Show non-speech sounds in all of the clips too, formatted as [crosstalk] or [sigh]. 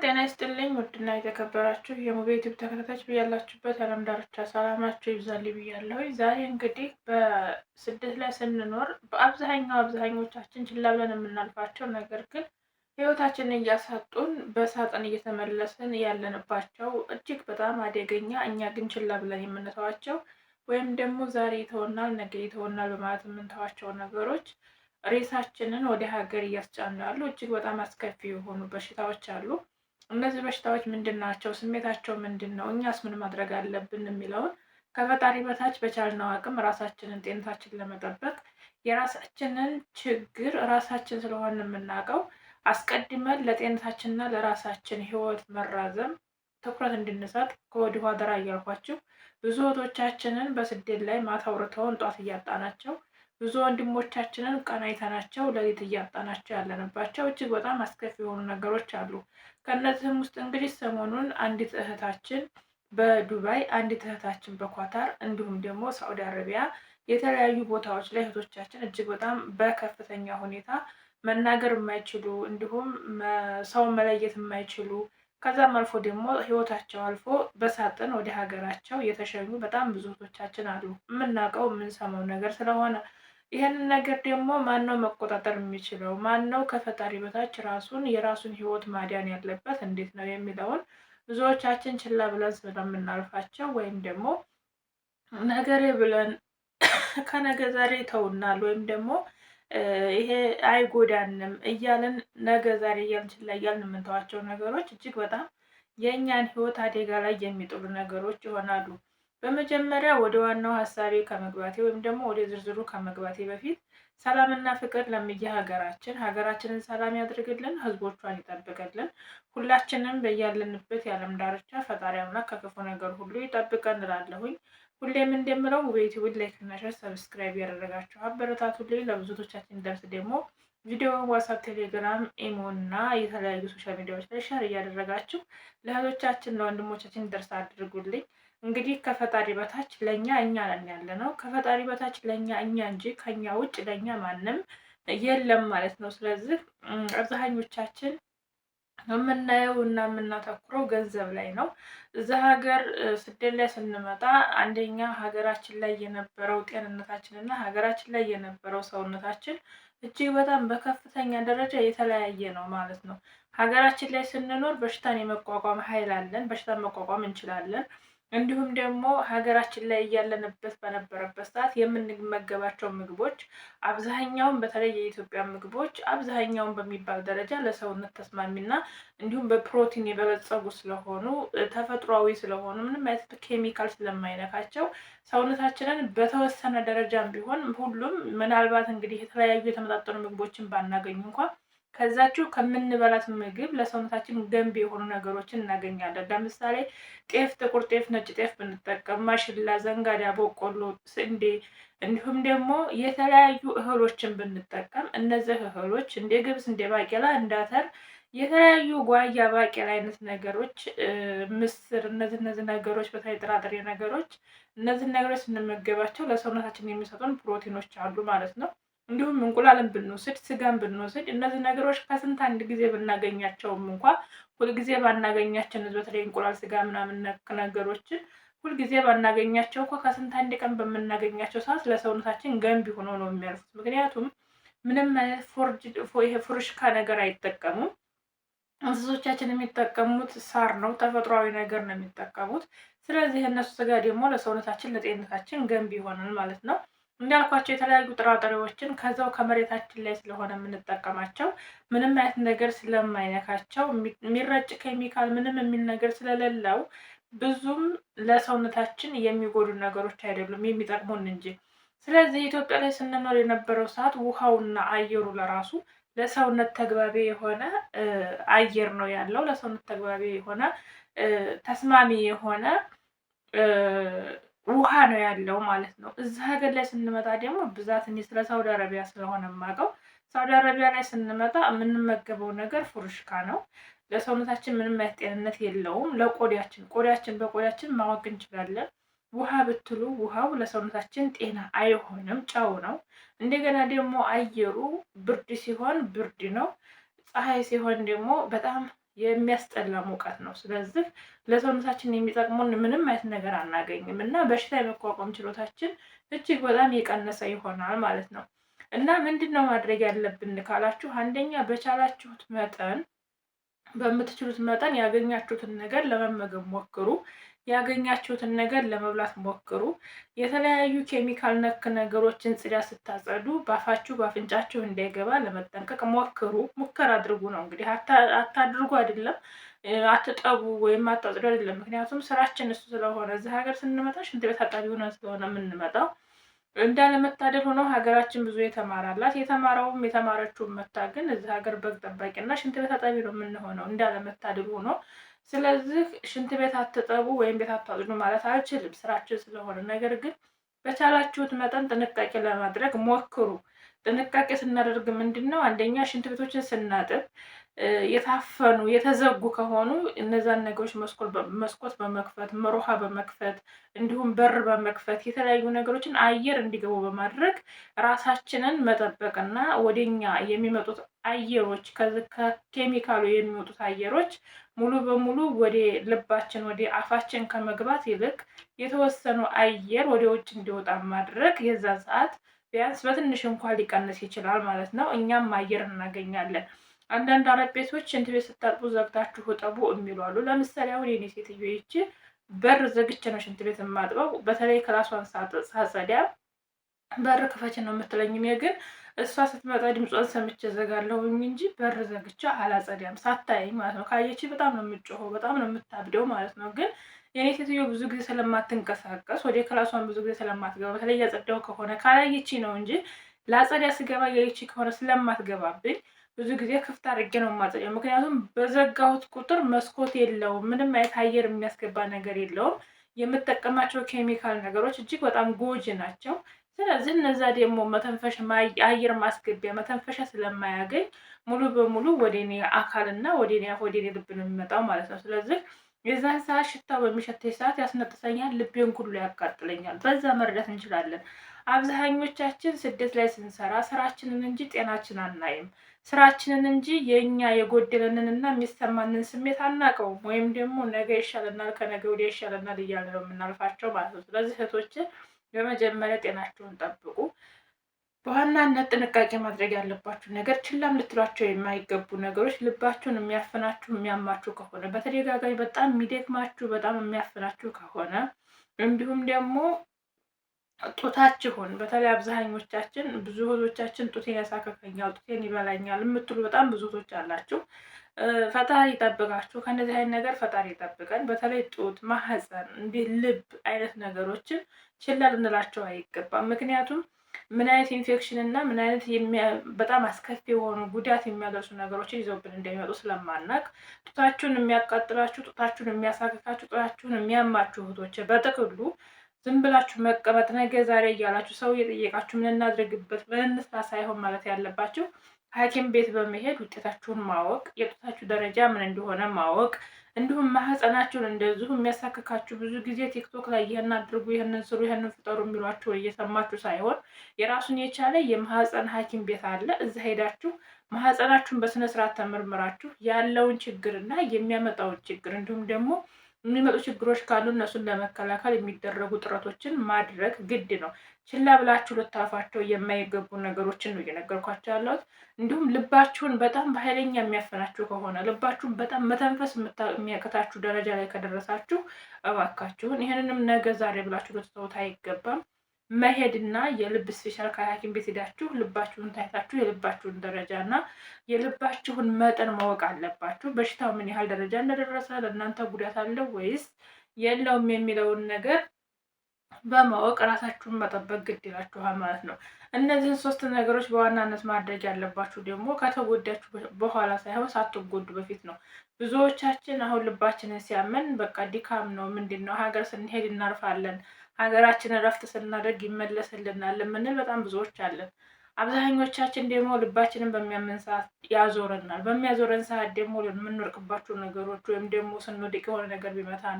ሰላም ጤና ይስጥልኝ ውድና የተከበራችሁ የሙቤ ዩቲብ ተከታታዮች ብያላችሁበት ዓለም ዳርቻ ሰላማችሁ ይብዛል ብያለሁ። ዛሬ እንግዲህ በስደት ላይ ስንኖር በአብዛኛው አብዛኞቻችን ችላ ብለን የምናልፋቸው ነገር ግን ህይወታችንን እያሳጡን በሳጥን እየተመለስን ያለንባቸው እጅግ በጣም አደገኛ እኛ ግን ችላ ብለን የምንተዋቸው ወይም ደግሞ ዛሬ ይተውናል ነገ ይተውናል በማለት የምንተዋቸው ነገሮች ሬሳችንን ወደ ሀገር እያስጫኑ ያሉ እጅግ በጣም አስከፊ የሆኑ በሽታዎች አሉ። እነዚህ በሽታዎች ምንድን ናቸው? ስሜታቸው ምንድን ነው? እኛስ ምን ማድረግ አለብን? የሚለውን ከፈጣሪ በታች በቻልነው አቅም ራሳችንን ጤንታችን ለመጠበቅ የራሳችንን ችግር ራሳችን ስለሆን የምናውቀው አስቀድመን ለጤንታችንና ለራሳችን ህይወት መራዘም ትኩረት እንድንሰጥ ከወዲሁ አደራ እያልኳችሁ ብዙ እህቶቻችንን በስደት ላይ ማታ አውርተውን ጧት እያጣናቸው ብዙ ወንድሞቻችንን ቀናይተናቸው አይተናቸው ለሊት እያጣናቸው ያለንባቸው እጅግ በጣም አስከፊ የሆኑ ነገሮች አሉ። ከእነዚህም ውስጥ እንግዲህ ሰሞኑን አንዲት እህታችን በዱባይ አንዲት እህታችን በኳታር እንዲሁም ደግሞ ሳዑዲ አረቢያ የተለያዩ ቦታዎች ላይ እህቶቻችን እጅግ በጣም በከፍተኛ ሁኔታ መናገር የማይችሉ እንዲሁም ሰው መለየት የማይችሉ ከዛም አልፎ ደግሞ ህይወታቸው አልፎ በሳጥን ወደ ሀገራቸው የተሸኙ በጣም ብዙ እህቶቻችን አሉ። የምናውቀው የምንሰማው ነገር ስለሆነ ይህንን ነገር ደግሞ ማን ነው መቆጣጠር የሚችለው? ማን ነው ከፈጣሪ በታች ራሱን የራሱን ህይወት ማዳን ያለበት? እንዴት ነው የሚለውን ብዙዎቻችን ችላ ብለን ስለምናልፋቸው ወይም ደግሞ ነገሬ ብለን [coughs] ከነገ ዛሬ ይተውናል ወይም ደግሞ ይሄ አይጎዳንም እያልን ነገ ዛሬ እያልን ችላ እያልን የምንተዋቸው ነገሮች እጅግ በጣም የእኛን ህይወት አደጋ ላይ የሚጥሉ ነገሮች ይሆናሉ። በመጀመሪያ ወደ ዋናው ሀሳቤ ከመግባቴ ወይም ደግሞ ወደ ዝርዝሩ ከመግባቴ በፊት ሰላምና ፍቅር ሀገራችን ሀገራችንን ሰላም ያድርግልን፣ ህዝቦቿን ይጠብቅልን። ሁላችንም በያለንበት የዓለም ዳርቻ ፈጣሪ አምላክ ከክፉ ነገር ሁሉ ይጠብቀን እላለሁኝ። ሁሌም እንደምለው በዩቲዩብ ላይክ እና ሸር ሰብስክራይብ ያደረጋችሁ አበረታቱ ላይ ለብዙቶቻችን ደርስ ደግሞ ቪዲዮ ዋትሳፕ፣ ቴሌግራም፣ ኢሞ እና የተለያዩ ሶሻል ሚዲያዎች ላይ ሸር እያደረጋችሁ ለእህቶቻችን ለወንድሞቻችን ደርስ አድርጉልኝ። እንግዲህ ከፈጣሪ በታች ለእኛ እኛ ነን ያለ ነው። ከፈጣሪ በታች ለእኛ እኛ እንጂ ከኛ ውጭ ለእኛ ማንም የለም ማለት ነው። ስለዚህ አብዛኞቻችን የምናየው እና የምናተኩረው ገንዘብ ላይ ነው። እዛ ሀገር ስደት ላይ ስንመጣ አንደኛ ሀገራችን ላይ የነበረው ጤንነታችን እና ሀገራችን ላይ የነበረው ሰውነታችን እጅግ በጣም በከፍተኛ ደረጃ የተለያየ ነው ማለት ነው። ሀገራችን ላይ ስንኖር በሽታን የመቋቋም ኃይል አለን። በሽታን መቋቋም እንችላለን። እንዲሁም ደግሞ ሀገራችን ላይ እያለንበት በነበረበት ሰዓት የምንመገባቸው ምግቦች አብዛኛውን በተለይ የኢትዮጵያ ምግቦች አብዛኛውን በሚባል ደረጃ ለሰውነት ተስማሚና እንዲሁም በፕሮቲን የበለጸጉ ስለሆኑ ተፈጥሯዊ ስለሆኑ ምንም አይነት ኬሚካል ስለማይነካቸው ሰውነታችንን በተወሰነ ደረጃም ቢሆን ሁሉም ምናልባት እንግዲህ የተለያዩ የተመጣጠኑ ምግቦችን ባናገኝ እንኳን ከዛችሁ ከምንበላት ምግብ ለሰውነታችን ገንቢ የሆኑ ነገሮችን እናገኛለን። ለምሳሌ ጤፍ፣ ጥቁር ጤፍ፣ ነጭ ጤፍ ብንጠቀም፣ ማሽላ፣ ዘንጋዳ፣ በቆሎ፣ ስንዴ እንዲሁም ደግሞ የተለያዩ እህሎችን ብንጠቀም እነዚህ እህሎች እንደ ገብስ፣ እንደ ባቄላ፣ እንዳተር የተለያዩ ጓያ፣ ባቄላ አይነት ነገሮች፣ ምስር እነዚህ እነዚህ ነገሮች በተለይ ጥራጥሬ ነገሮች እነዚህ ነገሮች ስንመገባቸው ለሰውነታችን የሚሰጡን ፕሮቲኖች አሉ ማለት ነው። እንዲሁም እንቁላልን ብንወስድ ስጋን ብንወስድ እነዚህ ነገሮች ከስንት አንድ ጊዜ ብናገኛቸውም እንኳ ሁልጊዜ ባናገኛቸው እነዚህ በተለይ እንቁላል፣ ስጋ ምናምን ነክ ነገሮችን ሁልጊዜ ባናገኛቸው እኮ ከስንት አንድ ቀን በምናገኛቸው ሰዓት ለሰውነታችን ገንቢ ሆኖ ነው የሚያልፉት። ምክንያቱም ምንም ይሄ ፍርሽካ ነገር አይጠቀሙም። እንስሶቻችን የሚጠቀሙት ሳር ነው፣ ተፈጥሯዊ ነገር ነው የሚጠቀሙት። ስለዚህ እነሱ ስጋ ደግሞ ለሰውነታችን ለጤንነታችን ገንቢ ይሆናል ማለት ነው። እንዳልኳቸው የተለያዩ ጥራጥሬዎችን ከዛው ከመሬታችን ላይ ስለሆነ የምንጠቀማቸው ምንም አይነት ነገር ስለማይነካቸው የሚረጭ ኬሚካል ምንም የሚል ነገር ስለሌለው ብዙም ለሰውነታችን የሚጎዱ ነገሮች አይደሉም የሚጠቅሙን እንጂ። ስለዚህ ኢትዮጵያ ላይ ስንኖር የነበረው ሰዓት ውሃውና አየሩ ለራሱ ለሰውነት ተግባቢ የሆነ አየር ነው ያለው። ለሰውነት ተግባቢ የሆነ ተስማሚ የሆነ ውሃ ነው ያለው ማለት ነው። እዚ ሀገር ላይ ስንመጣ ደግሞ ብዛት እኔ ስለ ሳውዲ አረቢያ ስለሆነ የማውቀው ሳውዲ አረቢያ ላይ ስንመጣ የምንመገበው ነገር ፉርሽካ ነው። ለሰውነታችን ምንም አይነት ጤንነት የለውም። ለቆዳችን ቆዳችን በቆዳችን ማወቅ እንችላለን። ውሃ ብትሉ ውሃው ለሰውነታችን ጤና አይሆንም፣ ጨው ነው። እንደገና ደግሞ አየሩ ብርድ ሲሆን ብርድ ነው። ፀሐይ ሲሆን ደግሞ በጣም የሚያስጠላ ሙቀት ነው። ስለዚህ ለሰውነታችን የሚጠቅሙን ምንም አይነት ነገር አናገኝም እና በሽታ የመቋቋም ችሎታችን እጅግ በጣም የቀነሰ ይሆናል ማለት ነው። እና ምንድን ነው ማድረግ ያለብን ካላችሁ፣ አንደኛ በቻላችሁት መጠን በምትችሉት መጠን ያገኛችሁትን ነገር ለመመገብ ሞክሩ። ያገኛችሁትን ነገር ለመብላት ሞክሩ። የተለያዩ ኬሚካል ነክ ነገሮችን ጽዳት ስታጸዱ ባፋችሁ ባፍንጫችሁ እንዳይገባ ለመጠንቀቅ ሞክሩ። ሙከራ አድርጉ ነው እንግዲህ አታድርጉ አይደለም አትጠቡ ወይም አታጽዱ አይደለም። ምክንያቱም ስራችን እሱ ስለሆነ እዚህ ሀገር ስንመጣ ሽንት ቤት አጣቢ ሆነ ስለሆነ የምንመጣው እንዳለመታደል ሆኖ ሀገራችን ብዙ የተማራላት የተማረውም የተማረችውን መታ ግን እዚህ ሀገር በግ ጠባቂና ሽንት ቤት አጣቢ ነው የምንሆነው እንዳለመታደል ሆኖ ስለዚህ ሽንት ቤት አትጠቡ ወይም ቤት አታጽዱ ማለት አልችልም ስራችን ስለሆነ፣ ነገር ግን በቻላችሁት መጠን ጥንቃቄ ለማድረግ ሞክሩ። ጥንቃቄ ስናደርግ ምንድን ነው አንደኛ ሽንት ቤቶችን ስናጥብ የታፈኑ የተዘጉ ከሆኑ እነዛን ነገሮች መስኮት በመክፈት መሮሃ በመክፈት እንዲሁም በር በመክፈት የተለያዩ ነገሮችን አየር እንዲገቡ በማድረግ ራሳችንን መጠበቅና ወደኛ የሚመጡት አየሮች ከኬሚካሉ የሚመጡት አየሮች ሙሉ በሙሉ ወደ ልባችን ወደ አፋችን ከመግባት ይልቅ የተወሰኑ አየር ወደ ውጭ እንዲወጣ ማድረግ የዛ ሰዓት ቢያንስ በትንሽ እንኳ ሊቀንስ ይችላል ማለት ነው። እኛም አየር እናገኛለን። አንዳንድ አረብ ቤቶች ሽንት ቤት ስታጥቡ ዘግታችሁ እጠቡ የሚሉ አሉ። ለምሳሌ አሁን የኔ ሴትዮ ይቺ በር ዘግቼ ነው ሽንት ቤት የማጥበው። በተለይ ክላሷን ሳጸዳ በር ክፈች ነው የምትለኝ ግን እሷ ስትመጣ ድምጿን ሰምቼ ዘጋለሁኝ እንጂ በር ዘግቻ አላጸዳም። ሳታየኝ ማለት ነው። ካየች በጣም ነው የምጮኸው፣ በጣም ነው የምታብደው ማለት ነው። ግን የኔ ሴትዮ ብዙ ጊዜ ስለማትንቀሳቀስ ወደ ክላሷን ብዙ ጊዜ ስለማትገባ በተለይ ያጸዳው ከሆነ ካላየች ነው እንጂ ለአጸዳ ስገባ ያየች ከሆነ ስለማትገባብኝ ብዙ ጊዜ ክፍት አድርጌ ነው የማጸዳው። ምክንያቱም በዘጋሁት ቁጥር መስኮት የለውም፣ ምንም አይነት አየር የሚያስገባ ነገር የለውም። የምጠቀማቸው ኬሚካል ነገሮች እጅግ በጣም ጎጂ ናቸው። ስለዚህ እነዛ ደግሞ መተንፈሽ አየር ማስገቢያ መተንፈሻ ስለማያገኝ ሙሉ በሙሉ ወደኔ አካልና ወደኔ ወደኔ ልብ ነው የሚመጣው ማለት ነው። ስለዚህ የዛን ሰዓት ሽታው በሚሸተኝ ሰዓት ያስነጥሰኛል፣ ልቤን ሁሉ ያቃጥለኛል። በዛ መረዳት እንችላለን። አብዛኞቻችን ስደት ላይ ስንሰራ ስራችንን እንጂ ጤናችን አናይም። ስራችንን እንጂ የእኛ የጎደለንንና የሚሰማንን ስሜት አናውቀውም። ወይም ደግሞ ነገ ይሻለናል፣ ከነገ ወዲያ ይሻለናል እያለ ነው የምናልፋቸው ማለት ነው። ስለዚህ እህቶችን በመጀመሪያ ጤናቸውን ጠብቁ። በዋናነት ጥንቃቄ ማድረግ ያለባችሁ ነገር ችላም ልትሏቸው የማይገቡ ነገሮች ልባችሁን የሚያፍናችሁ የሚያማችሁ ከሆነ በተደጋጋሚ በጣም የሚደክማችሁ በጣም የሚያፍናችሁ ከሆነ እንዲሁም ደግሞ ጡታችሁን በተለይ አብዛኞቻችን ብዙ እህቶቻችን ጡቴን ያሳከከኛል፣ ጡቴን ይበላኛል የምትሉ በጣም ብዙ እህቶች አላችሁ። ፈጣሪ ይጠብቃችሁ። ከነዚህ አይነት ነገር ፈጣሪ ይጠብቀን። በተለይ ጡት፣ ማህፀን፣ እንዲህ ልብ አይነት ነገሮችን ችላ ልንላቸው አይገባም። ምክንያቱም ምን አይነት ኢንፌክሽን እና ምን አይነት በጣም አስከፊ የሆኑ ጉዳት የሚያደርሱ ነገሮችን ይዘውብን እንደሚመጡ ስለማናቅ ጡታችሁን የሚያቃጥላችሁ፣ ጡታችሁን የሚያሳክካችሁ፣ ጡታችሁን የሚያማችሁ እህቶች በጥቅሉ ዝም ብላችሁ መቀመጥ ነገ ዛሬ እያላችሁ ሰው እየጠየቃችሁ ምን እናድርግበት ምን እንስራ ሳይሆን ማለት ያለባችሁ ሐኪም ቤት በመሄድ ውጤታችሁን ማወቅ፣ የጡታችሁ ደረጃ ምን እንደሆነ ማወቅ፣ እንዲሁም ማህፀናችሁን እንደዚሁ የሚያሳክካችሁ ብዙ ጊዜ ቲክቶክ ላይ ይህን አድርጉ፣ ይህንን ስሩ፣ ይህንን ፍጠሩ የሚሏችሁ እየሰማችሁ ሳይሆን የራሱን የቻለ የማህፀን ሐኪም ቤት አለ። እዛ ሄዳችሁ ማህፀናችሁን በስነስርዓት ተመርምራችሁ ያለውን ችግርና የሚያመጣውን ችግር እንዲሁም ደግሞ የሚመጡ ችግሮች ካሉ እነሱን ለመከላከል የሚደረጉ ጥረቶችን ማድረግ ግድ ነው። ችላ ብላችሁ ልታልፏቸው የማይገቡ ነገሮችን ነው እየነገርኳቸው ያለሁት። እንዲሁም ልባችሁን በጣም በኃይለኛ የሚያፈናችሁ ከሆነ ልባችሁን በጣም መተንፈስ የሚያቀታችሁ ደረጃ ላይ ከደረሳችሁ እባካችሁን ይህንንም ነገ ዛሬ ብላችሁ ልትተውት አይገባም። መሄድና የልብ ስፔሻል ሐኪም ቤት ሄዳችሁ ልባችሁን ታይታችሁ የልባችሁን ደረጃ እና የልባችሁን መጠን ማወቅ አለባችሁ። በሽታው ምን ያህል ደረጃ እንደደረሰ ለእናንተ ጉዳት አለው ወይስ የለውም የሚለውን ነገር በማወቅ ራሳችሁን መጠበቅ ግድ ይላችኋል ማለት ነው። እነዚህን ሶስት ነገሮች በዋናነት ማድረግ ያለባችሁ ደግሞ ከተጎዳችሁ በኋላ ሳይሆን ሳትጎዱ በፊት ነው። ብዙዎቻችን አሁን ልባችንን ሲያመን በቃ ድካም ነው ምንድን ነው ሀገር ስንሄድ እናርፋለን ሀገራችንን እረፍት ስናደርግ ይመለስልናል የምንል በጣም ብዙዎች አለን። አብዛኞቻችን ደግሞ ልባችንን በሚያምን ሰዓት ያዞረናል። በሚያዞረን ሰዓት ደግሞ የምንወርቅባቸው ነገሮች ወይም ደግሞ ስንወድቅ የሆነ ነገር ቢመታን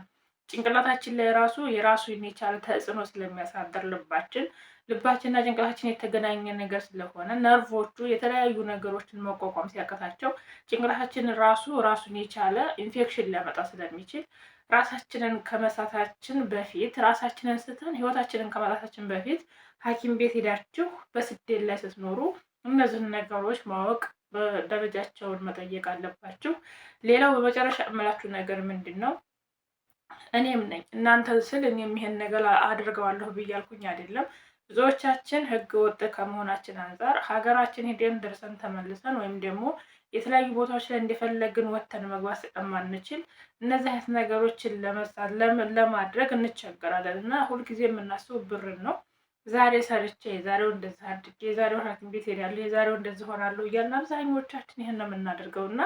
ጭንቅላታችን ላይ ራሱ የራሱ የቻለ ተጽዕኖ ስለሚያሳድር ልባችን ልባችንና ጭንቅላታችን የተገናኘ ነገር ስለሆነ ነርቮቹ የተለያዩ ነገሮችን መቋቋም ሲያቀታቸው ጭንቅላታችን ራሱ ራሱን የቻለ ኢንፌክሽን ሊያመጣ ስለሚችል ራሳችንን ከመሳታችን በፊት ራሳችንን ስትል ህይወታችንን ከመራሳችን በፊት ሐኪም ቤት ሄዳችሁ በስደት ላይ ስትኖሩ እነዚህን ነገሮች ማወቅ ደረጃቸውን መጠየቅ አለባችሁ። ሌላው በመጨረሻ የምላችሁ ነገር ምንድን ነው? እኔም ነኝ እናንተ ስል እኔም ይሄን ነገር አድርገዋለሁ ብያልኩኝ አይደለም ብዙዎቻችን ህገ ወጥ ከመሆናችን አንጻር ሀገራችን ሄደን ደርሰን ተመልሰን ወይም ደግሞ የተለያዩ ቦታዎች ላይ እንደፈለግን ወጥተን መግባት ስለማንችል እነዚህ አይነት ነገሮችን ለመሳት ለማድረግ እንቸገራለን እና ሁልጊዜ የምናስበው ብርን ነው። ዛሬ ሰርቼ የዛሬው እንደዚህ አድርጌ የዛሬው ሐኪም ቤት ሄዳለሁ የዛሬው እንደዚህ ሆናለሁ እያልን አብዛኞቻችን ይህን ነው የምናደርገው እና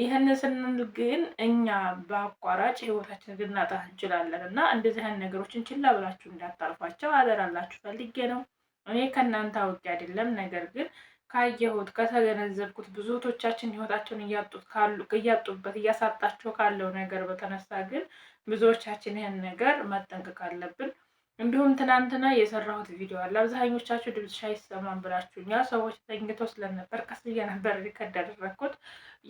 ይህንን ስንል ግን እኛ በአቋራጭ ህይወታችን ልናጣ እንችላለን እና እንደዚህ አይነት ነገሮችን ችላ ብላችሁ እንዳታልፏቸው አደራላችሁ ፈልጌ ነው። እኔ ከእናንተ አውቄ አይደለም፣ ነገር ግን ካየሁት ከተገነዘብኩት ብዙ እህቶቻችን ህይወታቸውን እያጡበት እያሳጣቸው ካለው ነገር በተነሳ ግን ብዙዎቻችን ይህን ነገር መጠንቀቅ አለብን። እንዲሁም ትናንትና የሰራሁት ቪዲዮ አለ። አብዛኞቻችሁ ድምፅሽ አይሰማም ብላችሁኛል። ሰዎች ተኝተው ስለነበር ቀስ ብዬ ነበር ያደረግኩት።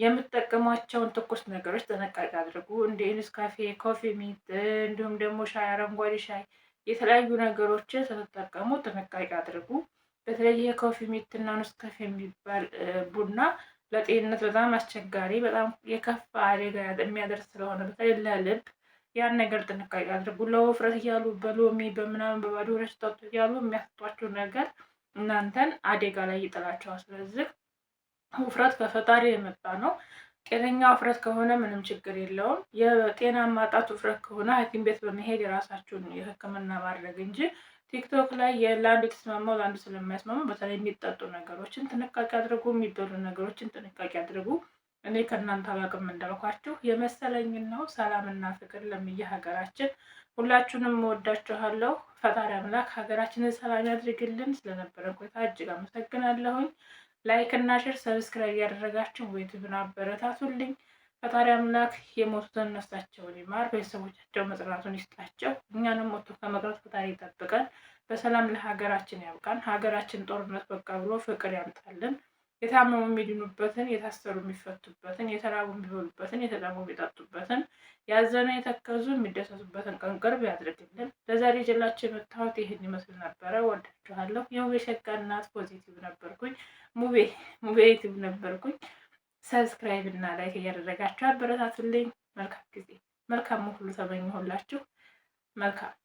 የምትጠቀሟቸውን ትኩስ ነገሮች ጥንቃቄ አድርጉ። እንደ ኢንስካፌ ኮፊ ሚንት፣ እንዲሁም ደግሞ ሻይ፣ አረንጓዴ ሻይ፣ የተለያዩ ነገሮችን ስትጠቀሙ ጥንቃቄ አድርጉ። በተለይ ይሄ ኮፊ ሚንት እና ኢንስካፌ የሚባል ቡና ለጤንነት በጣም አስቸጋሪ፣ በጣም የከፋ አደጋ የሚያደርስ ስለሆነ በተለይ ለልብ ያን ነገር ጥንቃቄ አድርጉ። ለውፍረት እያሉ በሎሚ በምናምን በባዶ ወረች ጠጡ እያሉ የሚያስጧቸው ነገር እናንተን አደጋ ላይ ይጥላቸዋል። ስለዚህ ውፍረት ከፈጣሪ የመጣ ነው። ጤነኛ ውፍረት ከሆነ ምንም ችግር የለውም። የጤና ማጣት ውፍረት ከሆነ ሐኪም ቤት በመሄድ የራሳችሁን የሕክምና ማድረግ እንጂ ቲክቶክ ላይ ለአንዱ የተስማማው ለአንዱ ስለማያስማማ በተለይ የሚጠጡ ነገሮችን ጥንቃቄ አድርጉ፣ የሚበሉ ነገሮችን ጥንቃቄ አድርጉ። እኔ ከእናንተ አላቅም እንዳልኳችሁ የመሰለኝን ነው። ሰላምና ፍቅር ለምየ ሀገራችን። ሁላችሁንም እወዳችኋለሁ። ፈጣሪ አምላክ ሀገራችንን ሰላም ያድርግልን። ስለነበረ ቆይታ እጅግ አመሰግናለሁኝ። ላይክ እና ሼር፣ ሰብስክራይብ ያደረጋችሁ ዩቱብን አበረታቱልኝ። ፈጣሪ አምላክ የሞቱትን ነፍሳቸውን ይማር፣ ቤተሰቦቻቸው መጽናቱን ይስጣቸው። እኛንም ሞቶ ከመቅረት ፈጣሪ ይጠብቀን። በሰላም ለሀገራችን ያብቃን። ሀገራችን ጦርነት በቃ ብሎ ፍቅር ያምጣልን። የታመሙ የሚድኑበትን፣ የታሰሩ የሚፈቱበትን፣ የተራቡ የሚበሉበትን፣ የተጠሙ የሚጠጡበትን፣ ያዘኑ የተከዙ የሚደሰቱበትን ቀን ቅርብ ያድርግልን። ለዛሬ ጀላቸው የመታወት ይህን ይመስል ነበረ። ወዳችኋለሁ። የሙቤ ሸጋ እናት ፖዚቲቭ ነበርኩኝ። ሙቤ ሙቤ ዩቲቭ ነበርኩኝ። ሰብስክራይብ እና ላይክ እያደረጋችሁ አበረታቱልኝ። መልካም ጊዜ መልካም ሁሉ ተመኘሁላችሁ። መልካም